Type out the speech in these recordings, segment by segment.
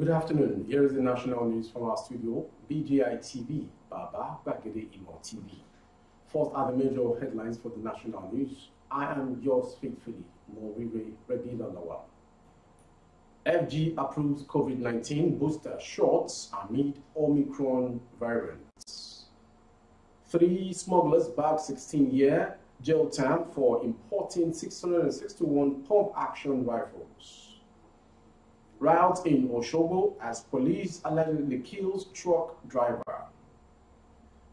Good afternoon. Here is the national news from our studio, BGI TV, Baba Bagede Imo TV. First are the major headlines for the national news. I am yours faithfully, Moriwe Regina Lawa. FG approves COVID-19 booster shots amid Omicron variants. Three smugglers bag 16-year jail term for importing 661 pump-action rifles. Riot in Oshobo as police allegedly kills truck driver.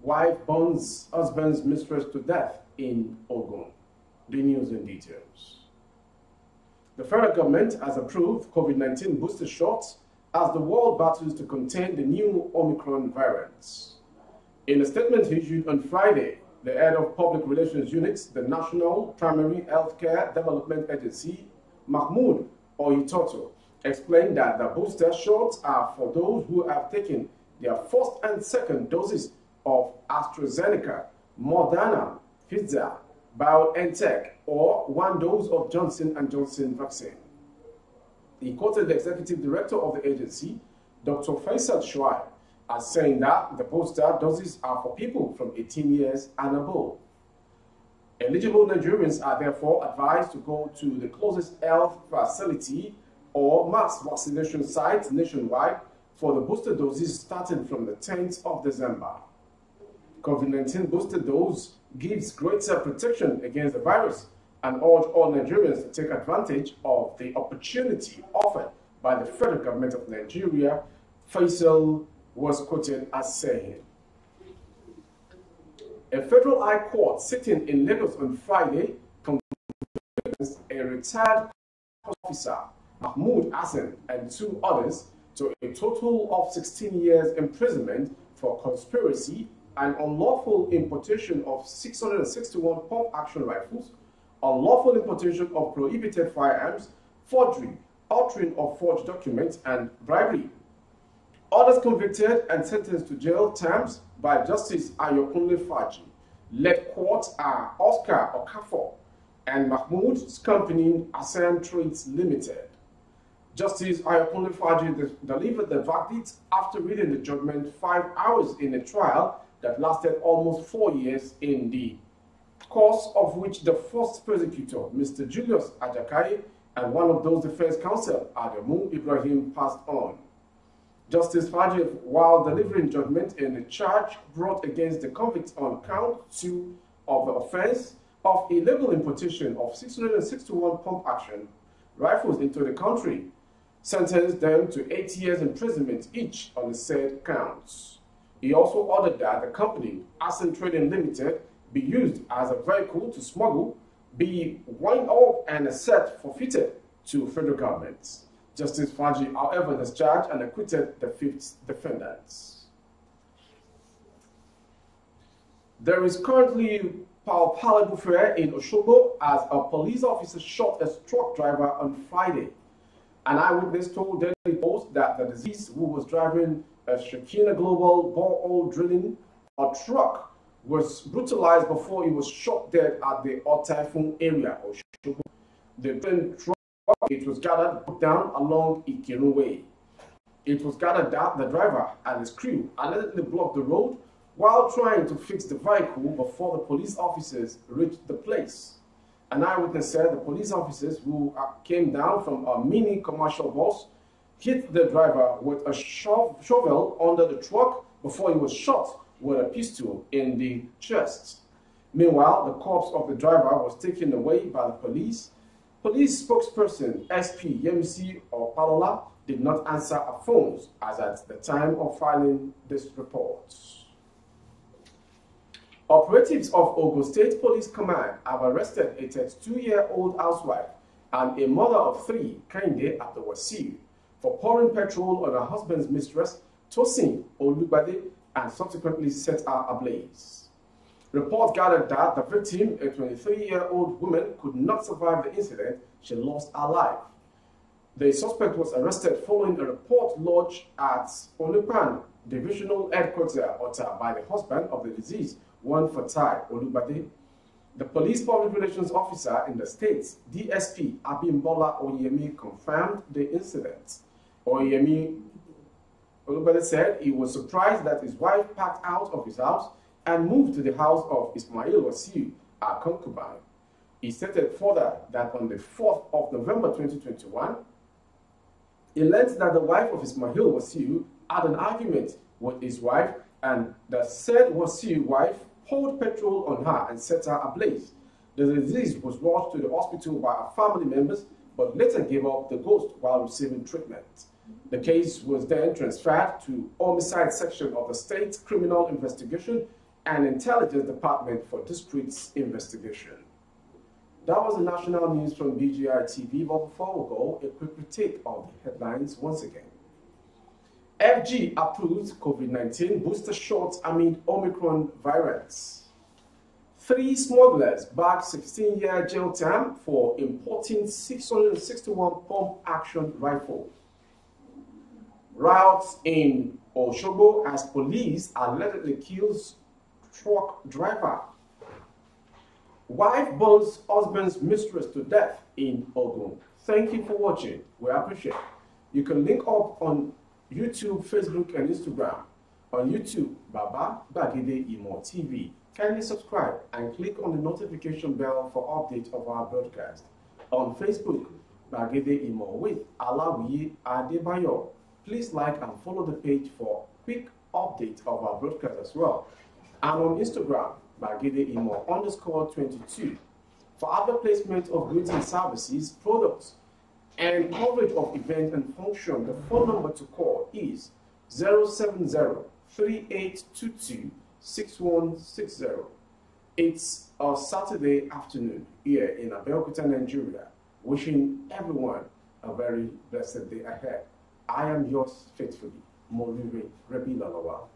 Wife burns husband's mistress to death in Ogun. The news in details. The federal government has approved COVID-19 booster shots as the world battles to contain the new Omicron variant. In a statement issued on Friday, the head of public relations units, the National Primary Healthcare Development Agency, Mahmoud Oyitoto, explained that the booster shots are for those who have taken their first and second doses of AstraZeneca, Moderna, Pfizer, BioNTech, or one dose of Johnson & Johnson vaccine. He quoted the executive director of the agency, Dr. Faisal Shuaib, as saying that the booster doses are for people from 18 years and above. Eligible Nigerians are therefore advised to go to the closest health facility or mass vaccination sites nationwide for the booster doses starting from the 10th of December. COVID-19 booster dose gives greater protection against the virus and urge all Nigerians to take advantage of the opportunity offered by the federal government of Nigeria, Faisal was quoted as saying. A federal high court sitting in Lagos on Friday convicted a retired officer Mahmoud Asin and two others to a total of 16 years imprisonment for conspiracy and unlawful importation of 661 pump action rifles, unlawful importation of prohibited firearms, forgery, altering of forged documents, and bribery. Others convicted and sentenced to jail terms by Justice Ayokunle Faji led courts are Oscar Okafor and Mahmoud's Company Asan Trades Limited. Justice Ayokunle Faji delivered the verdict after reading the judgment five hours in a trial that lasted almost four years in the course of which the first prosecutor, Mr. Julius Ajakai, and one of those defense counsel, Adamu Ibrahim, passed on. Justice Fajev, while delivering judgment in a charge brought against the convict on count two of the offense of illegal importation of 661 pump action rifles into the country sentenced them to eight years imprisonment each on the said counts. He also ordered that the company, Ascent Trading Limited, be used as a vehicle to smuggle, be wind up and a set forfeited to federal government. Justice Faji, however, discharged and acquitted the fifth defendant. There is currently palpable fear in Oshobo as a police officer shot a truck driver on Friday. An eyewitness told Daily Post that the deceased, who was driving a Shakina Global borehole drilling a truck, was brutalized before he was shot dead at the Otaifun area. the drilling truck, it was gathered down along Ikiru Way. It was gathered that the driver and his crew allegedly blocked the road while trying to fix the vehicle before the police officers reached the place an eyewitness said the police officers who uh, came down from a mini commercial bus hit the driver with a shovel under the truck before he was shot with a pistol in the chest. Meanwhile, the corpse of the driver was taken away by the police. Police spokesperson SP Yemisi Opalola did not answer our phones as at the time of filing this report. Operatives of Ogo State Police Command have arrested a 32-year-old housewife and a mother of three, Kainde Abdawasir, for pouring petrol on her husband's mistress, Tosin Olubade, and subsequently set her ablaze. Reports gathered that the victim, a 23-year-old woman, could not survive the incident. She lost her life. The suspect was arrested following a report lodged at Olupan Divisional Headquarters by the husband of the deceased, one for Tai Olubade. The police public relations officer in the states, DSP Abimbola Oyemi, confirmed the incident. Oyemi Olubade said he was surprised that his wife packed out of his house and moved to the house of Ismail Wasiu, a concubine. He stated further that on the 4th of November 2021, he learned that the wife of Ismail Wasiu had an argument with his wife and the said Wasiu wife poured petrol on her and set her ablaze. The disease was brought to the hospital by her family members, but later gave up the ghost while receiving treatment. The case was then transferred to homicide section of the state criminal investigation and intelligence department for district's investigation. That was the national news from BGI TV, but before we go, a quick critique of the headlines once again. FG approves COVID-19 booster shots amid Omicron variants. Three smugglers back 16-year jail term for importing 661 pump-action rifle. Routes in Oshobo as police allegedly kills truck driver. Wife burns husband's mistress to death in Ogun. Thank you for watching. We appreciate You can link up on YouTube, Facebook, and Instagram. On YouTube, Baba Bagide Imo TV. Kindly subscribe and click on the notification bell for updates of our broadcast. On Facebook, Bagide Imo with Alawiye Adebayo. Please like and follow the page for quick updates of our broadcast as well. And on Instagram, Bagide Imo underscore 22. For other placement of goods and services, products, and coverage of event and function, the phone number to call is 070-3822-6160. It's a Saturday afternoon here in Abeokuta, Nigeria. Wishing everyone a very blessed day ahead. I am yours faithfully, Molire Rebi Lalawa.